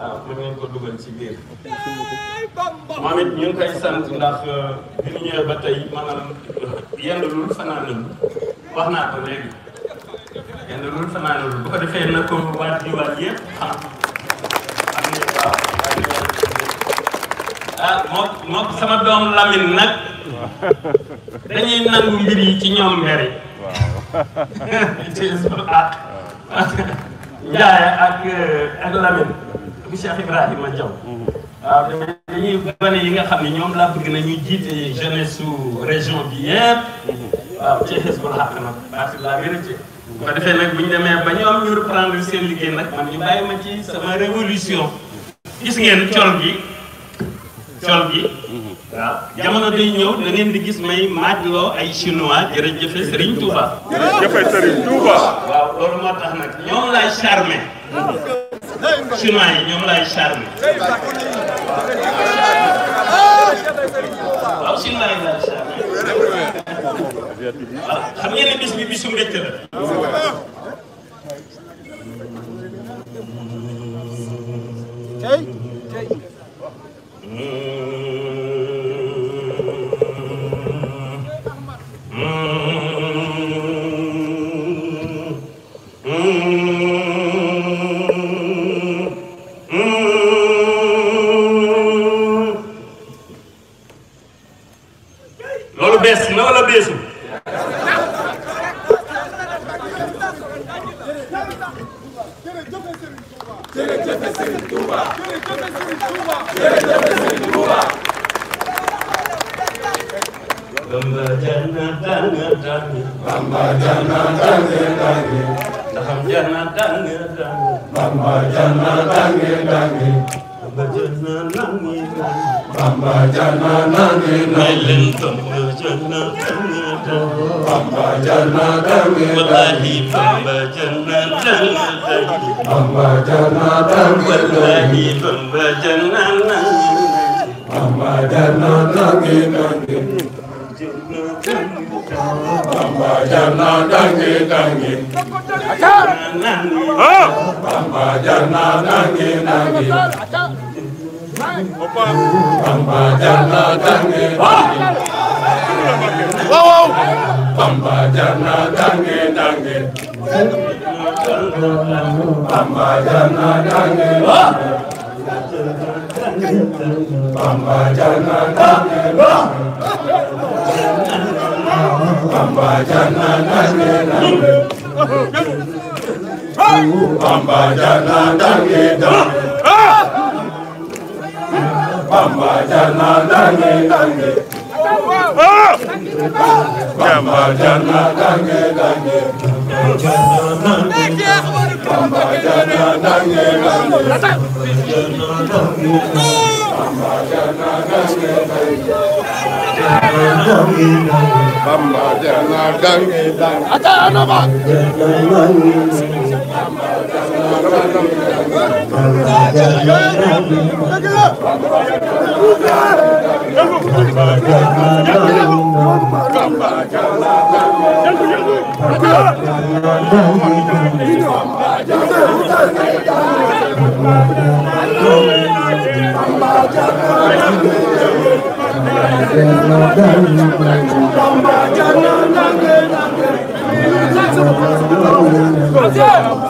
waaw mën ngeen ko dugal ci biir. moom it ñu ngi koy sant ndax euh, bi ñu ñëwee ba tey maanaam euh, yendalul fanaanalul wax naa ko léegi yendalul fanaanalul bu ko defee na ko waat di waat yëpp ah moo moo sama doom Lamine nag dañuy nangu mbir yi ci ñoom mbir yi. ak euh, ak bu Cheikh Ibrahima Diaw. waaw damay dañuy gone yi nga xam ne ñoom laa bëgg nañu jiit jiite jeunesse su région bi yëpp. waaw ci Hizbul Haq nag parti la vérité. bu ko defee nag bu ñu demee ba ñoom ñu reprendre seen liggéey nag man ñu bàyyi ma ci sama révolution gis ngeen col gi col gi waaw jamono day ñëw da ngeen di gis may maajloo ay chinois jërëjëf Serigne Touba. jërëjëf Serigne Touba. waaw loolu moo tax nag ñoom laay charmer. chinois yi ñoom lay charme waaw chinois yi lay charme waaw xam ngeen ne bis bi bisu mbégte la bees na wala beesu jërëjëf Serigne Touba jërëjëf Serigne Touba Bamba jarna tàng tàng Bamba jarna tàng tàng ndaxam jarna tàng tàng Bamba jarna tàng tàng Bamba jarna nangi nangi Bamba jana nane maylin Bamba jana nane Bamba jana nane wallahi Bamba jana nane Bamba jana nane wallahi Bamba jana nane Bamba jana nane Bamba jana nane nane Bamba jana nane nane Bamba jar na jàngi jàngi. waaw waaw. Bamba na jàngi jàngi. Bamba Bamba Janna dange dange. Bamba Janna dange dange. Bamba Janna dange dange. Bamba Janna dange dange. Bamba Janna dange dange. Ata anaba. Bamba Janna dange dange. Let's go!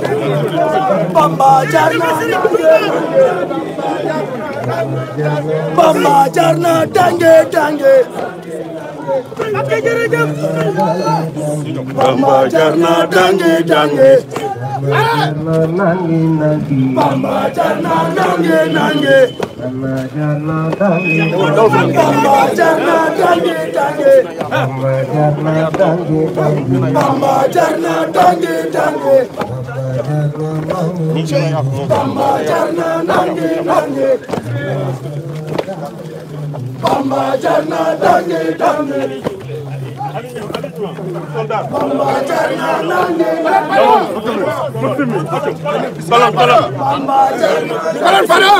Bamba jar na Bamba jar na tànge tànge Bamba jar na tànge tànge Bamba jar na nange nange Bamba jar na tange tange Bamba jar na tange tange Bamba jarna nange nange Bamba jarna dange dange Bamba jarna nange nange Balan balan Bamba jarna Balan balan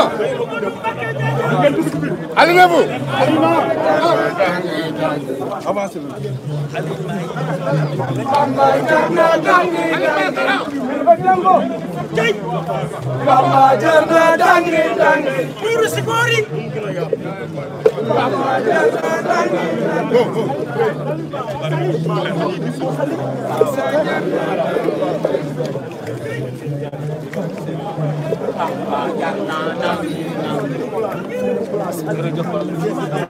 Alinebu Alinebu avancé na. Bamba jar na dangi dangi. Nuuru si boori. Bamba jar na dangi dangi. Bamba jar na dangi dangi.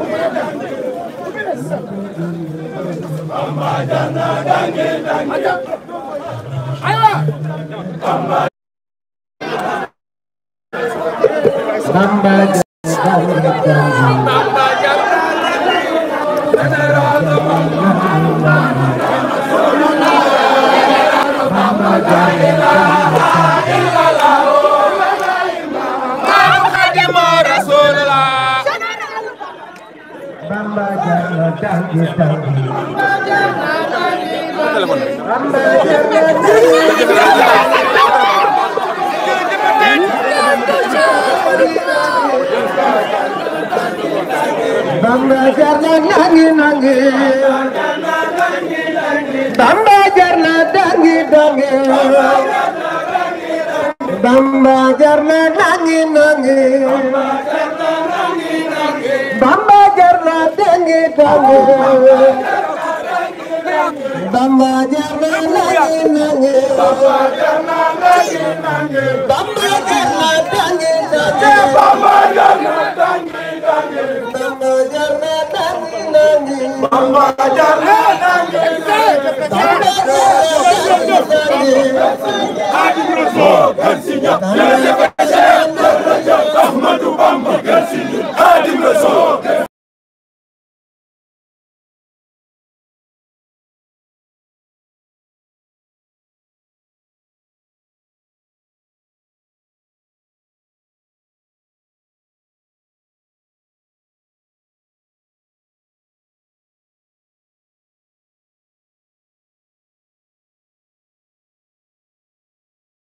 Tamba jana dange dange. Aywa. Tamba. Tamba jana dange dange. Tamba jana dange. General Tamba. Tamba jana dange. Bamba jana dange dange. téléphone Bamba jar na nangi nangi Bamba jar na dangi dangi Bamba jar na nangi nangi Bamba jar na dangi dangi Bamba jar na dangi dangi Bamba jar na dangi dangi Bamba jar na dangi dangi Bamba jar na dangi dangi Bamba jar na dangi dangi Bamba jar na dangi dangi Bamba jar na dangi dangi